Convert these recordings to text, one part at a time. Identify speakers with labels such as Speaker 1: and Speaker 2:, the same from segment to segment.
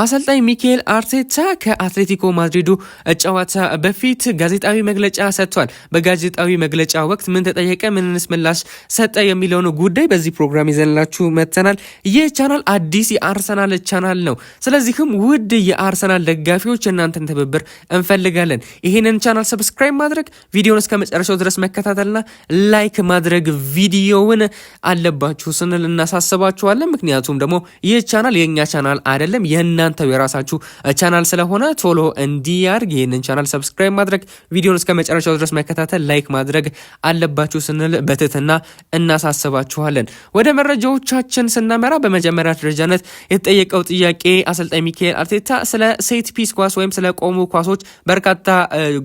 Speaker 1: አሰልጣኝ ሚካኤል አርቴታ ከአትሌቲኮ ማድሪዱ ጨዋታ በፊት ጋዜጣዊ መግለጫ ሰጥቷል። በጋዜጣዊ መግለጫ ወቅት ምን ተጠየቀ፣ ምንንስ ምላሽ ሰጠ የሚለውን ጉዳይ በዚህ ፕሮግራም ይዘንላችሁ መጥተናል። ይህ ቻናል አዲስ የአርሰናል ቻናል ነው። ስለዚህም ውድ የአርሰናል ደጋፊዎች እናንተን ትብብር እንፈልጋለን። ይህንን ቻናል ሰብስክራይብ ማድረግ፣ ቪዲዮን እስከ መጨረሻው ድረስ መከታተልና ላይክ ማድረግ ቪዲዮውን አለባችሁ ስንል እናሳስባችኋለን። ምክንያቱም ደግሞ ይህ ቻናል የእኛ ቻናል አይደለም የና የእናንተው የራሳችሁ ቻናል ስለሆነ ቶሎ እንዲያድግ ይህንን ቻናል ሰብስክራይብ ማድረግ፣ ቪዲዮን እስከ መጨረሻው ድረስ መከታተል፣ ላይክ ማድረግ አለባችሁ ስንል በትህትና እናሳስባችኋለን። ወደ መረጃዎቻችን ስናመራ በመጀመሪያ ደረጃነት የተጠየቀው ጥያቄ አሰልጣኝ ሚካኤል አርቴታ ስለ ሴት ፒስ ኳስ ወይም ስለ ቆሙ ኳሶች በርካታ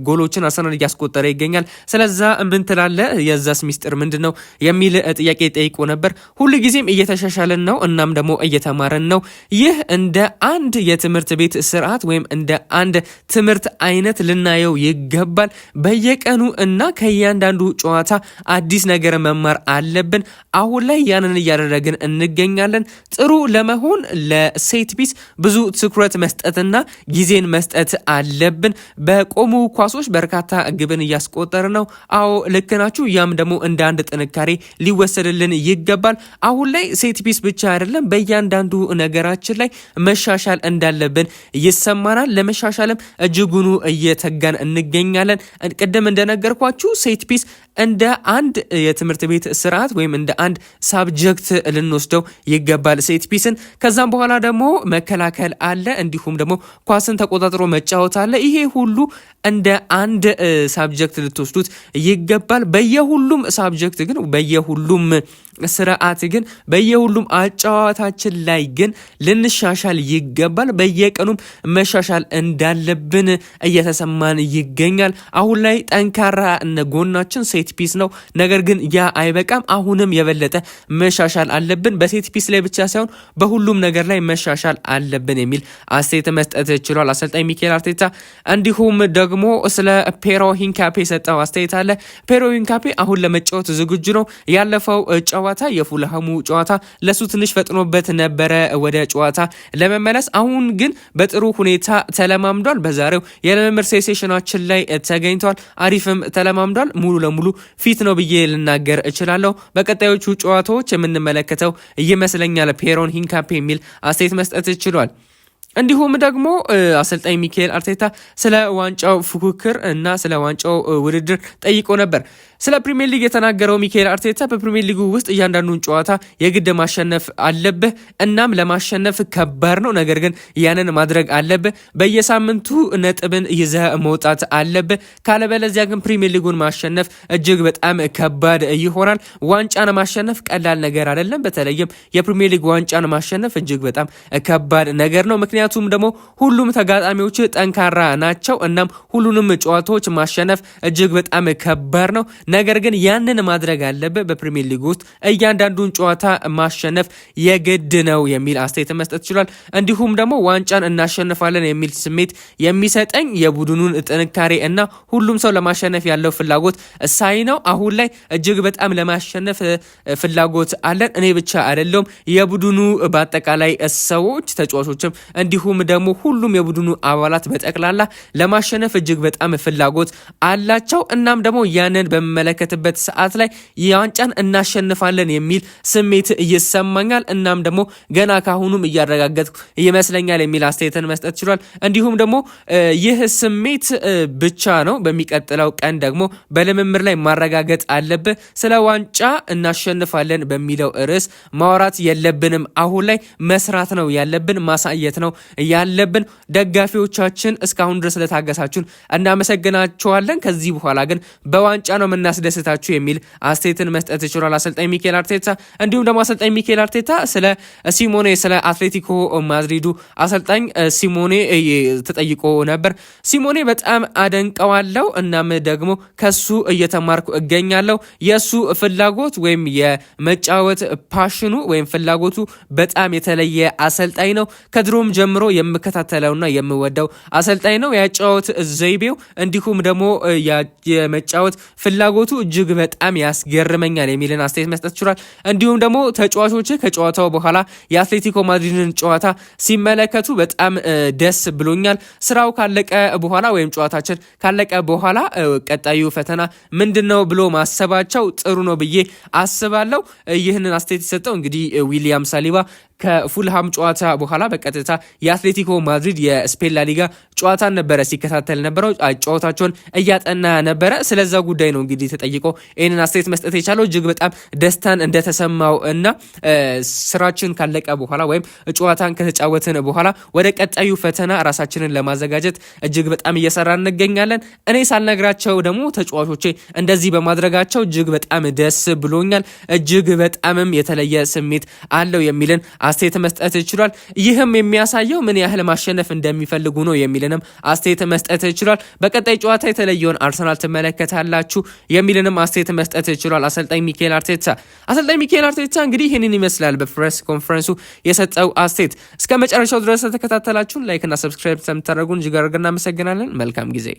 Speaker 1: ጎሎችን አርሰናል እያስቆጠረ ይገኛል። ስለዛ ምን ትላለ? የዛስ ሚስጥር ምንድን ነው? የሚል ጥያቄ ጠይቆ ነበር። ሁሉ ጊዜም እየተሻሻልን ነው፣ እናም ደግሞ እየተማረን ነው። ይህ እንደ አንድ አንድ የትምህርት ቤት ስርዓት ወይም እንደ አንድ ትምህርት አይነት ልናየው ይገባል። በየቀኑ እና ከእያንዳንዱ ጨዋታ አዲስ ነገር መማር አለብን። አሁን ላይ ያንን እያደረግን እንገኛለን። ጥሩ ለመሆን ለሴት ፒስ ብዙ ትኩረት መስጠትና ጊዜን መስጠት አለብን። በቆሙ ኳሶች በርካታ ግብን እያስቆጠር ነው። አዎ ልክ ናችሁ። ያም ደግሞ እንደ አንድ ጥንካሬ ሊወሰድልን ይገባል። አሁን ላይ ሴት ፒስ ብቻ አይደለም፣ በእያንዳንዱ ነገራችን ላይ መሻሻል መሻሻል እንዳለብን ይሰማናል። ለመሻሻልም እጅጉኑ እየተጋን እንገኛለን። ቅድም እንደነገርኳችሁ ሴት ፒስ እንደ አንድ የትምህርት ቤት ስርዓት ወይም እንደ አንድ ሳብጀክት ልንወስደው ይገባል ሴት ፒስን። ከዛም በኋላ ደግሞ መከላከል አለ፣ እንዲሁም ደግሞ ኳስን ተቆጣጥሮ መጫወት አለ። ይሄ ሁሉ እንደ አንድ ሳብጀክት ልትወስዱት ይገባል። በየሁሉም ሳብጀክት ግን በየሁሉም ስርዓት ግን በየሁሉም አጫዋታችን ላይ ግን ልንሻሻል ይገባል። ይገባል። በየቀኑም መሻሻል እንዳለብን እየተሰማን ይገኛል። አሁን ላይ ጠንካራ ጎናችን ሴት ፒስ ነው። ነገር ግን ያ አይበቃም። አሁንም የበለጠ መሻሻል አለብን። በሴት ፒስ ላይ ብቻ ሳይሆን በሁሉም ነገር ላይ መሻሻል አለብን የሚል አስተያየት መስጠት ችሏል አሰልጣኝ ሚካኤል አርቴታ። እንዲሁም ደግሞ ስለ ፔሮ ሂንካፔ የሰጠው አስተያየት አለ። ፔሮ ሂንካፔ አሁን ለመጫወት ዝግጁ ነው። ያለፈው ጨዋታ የፉልሃሙ ጨዋታ ለሱ ትንሽ ፈጥኖበት ነበረ ወደ ጨዋታ ለመመለስ አሁን ግን በጥሩ ሁኔታ ተለማምዷል። በዛሬው የልምምድ ሴሽናችን ላይ ተገኝቷል አሪፍም ተለማምዷል። ሙሉ ለሙሉ ፊት ነው ብዬ ልናገር እችላለሁ። በቀጣዮቹ ጨዋታዎች የምንመለከተው ይመስለኛል። ፔሮን ሂንካፔ የሚል አስተያየት መስጠት ችሏል። እንዲሁም ደግሞ አሰልጣኝ ሚካኤል አርቴታ ስለ ዋንጫው ፉክክር እና ስለ ዋንጫው ውድድር ጠይቆ ነበር። ስለ ፕሪሚየር ሊግ የተናገረው ሚካኤል አርቴታ በፕሪሚየር ሊጉ ውስጥ እያንዳንዱን ጨዋታ የግድ ማሸነፍ አለብህ። እናም ለማሸነፍ ከባድ ነው፣ ነገር ግን ያንን ማድረግ አለብህ። በየሳምንቱ ነጥብን ይዘህ መውጣት አለብህ። ካለበለዚያ ግን ፕሪሚየር ሊጉን ማሸነፍ እጅግ በጣም ከባድ ይሆናል። ዋንጫን ማሸነፍ ቀላል ነገር አይደለም። በተለይም የፕሪሚየር ሊግ ዋንጫን ማሸነፍ እጅግ በጣም ከባድ ነገር ነው ምክንያት ምክንያቱም ደግሞ ሁሉም ተጋጣሚዎች ጠንካራ ናቸው። እናም ሁሉንም ጨዋታዎች ማሸነፍ እጅግ በጣም ከባድ ነው። ነገር ግን ያንን ማድረግ አለብህ። በፕሪሚየር ሊግ ውስጥ እያንዳንዱን ጨዋታ ማሸነፍ የግድ ነው የሚል አስተያየት መስጠት ችሏል። እንዲሁም ደግሞ ዋንጫን እናሸንፋለን የሚል ስሜት የሚሰጠኝ የቡድኑን ጥንካሬ እና ሁሉም ሰው ለማሸነፍ ያለው ፍላጎት እሳይ ነው። አሁን ላይ እጅግ በጣም ለማሸነፍ ፍላጎት አለን። እኔ ብቻ አይደለውም የቡድኑ በአጠቃላይ ሰዎች ተጫዋቾችም እንዲሁም ደግሞ ሁሉም የቡድኑ አባላት በጠቅላላ ለማሸነፍ እጅግ በጣም ፍላጎት አላቸው። እናም ደግሞ ያንን በምመለከትበት ሰዓት ላይ ዋንጫን እናሸንፋለን የሚል ስሜት ይሰማኛል። እናም ደግሞ ገና ካሁኑም እያረጋገጥኩ ይመስለኛል የሚል አስተያየትን መስጠት ችሏል። እንዲሁም ደግሞ ይህ ስሜት ብቻ ነው፣ በሚቀጥለው ቀን ደግሞ በልምምር ላይ ማረጋገጥ አለብህ። ስለ ዋንጫ እናሸንፋለን በሚለው ርዕስ ማውራት የለብንም። አሁን ላይ መስራት ነው ያለብን፣ ማሳየት ነው ያለብን። ደጋፊዎቻችን እስካሁን ድረስ ስለታገሳችሁን እናመሰግናችኋለን። ከዚህ በኋላ ግን በዋንጫ ነው የምናስደስታችሁ የሚል አስተያየትን መስጠት ይችላል አሰልጣኝ ሚኬል አርቴታ። እንዲሁም ደግሞ አሰልጣኝ ሚኬል አርቴታ ስለ ሲሞኔ ስለ አትሌቲኮ ማድሪዱ አሰልጣኝ ሲሞኔ ተጠይቆ ነበር። ሲሞኔ በጣም አደንቀዋለው። እናም ደግሞ ከሱ እየተማርኩ እገኛለሁ። የእሱ ፍላጎት ወይም የመጫወት ፓሽኑ ወይም ፍላጎቱ በጣም የተለየ አሰልጣኝ ነው። ከድሮም ጀምሮ ጀምሮ የምከታተለውና የምወደው አሰልጣኝ ነው። ያጫወት ዘይቤው እንዲሁም ደግሞ የመጫወት ፍላጎቱ እጅግ በጣም ያስገርመኛል የሚልን አስተያየት መስጠት ችሏል። እንዲሁም ደግሞ ተጫዋቾች ከጨዋታው በኋላ የአትሌቲኮ ማድሪድን ጨዋታ ሲመለከቱ በጣም ደስ ብሎኛል። ስራው ካለቀ በኋላ ወይም ጨዋታችን ካለቀ በኋላ ቀጣዩ ፈተና ምንድን ነው ብሎ ማሰባቸው ጥሩ ነው ብዬ አስባለሁ። ይህንን አስተያየት የሰጠው እንግዲህ ዊሊያም ሳሊባ ከፉልሃም ጨዋታ በኋላ በቀጥታ የአትሌቲኮ ማድሪድ የስፔን ላሊጋ ጨዋታን ነበረ ሲከታተል ነበረው። ጨዋታቸውን እያጠና ነበረ። ስለዛ ጉዳይ ነው እንግዲህ ተጠይቆ ይህንን አስተያየት መስጠት የቻለው እጅግ በጣም ደስታን እንደተሰማው እና ስራችን ካለቀ በኋላ ወይም ጨዋታን ከተጫወትን በኋላ ወደ ቀጣዩ ፈተና ራሳችንን ለማዘጋጀት እጅግ በጣም እየሰራ እንገኛለን። እኔ ሳልነግራቸው ደግሞ ተጫዋቾቼ እንደዚህ በማድረጋቸው እጅግ በጣም ደስ ብሎኛል። እጅግ በጣምም የተለየ ስሜት አለው የሚልን አስተያየት መስጠት ይችሏል። ይህም የሚያሳየው ምን ያህል ማሸነፍ እንደሚፈልጉ ነው የሚልንም አስተያየት መስጠት ይችሏል። በቀጣይ ጨዋታ የተለየውን አርሰናል ትመለከታላችሁ የሚልንም አስተያየት መስጠት ይችሏል አሰልጣኝ ሚካኤል አርቴታ። አሰልጣኝ ሚካኤል አርቴታ እንግዲህ ይህንን ይመስላል በፕሬስ ኮንፈረንሱ የሰጠው አስተያየት። እስከ መጨረሻው ድረስ ተከታተላችሁን ላይክና ሰብስክራይብ ስለምታደርጉን እጅግ አድርገን እናመሰግናለን። መልካም ጊዜ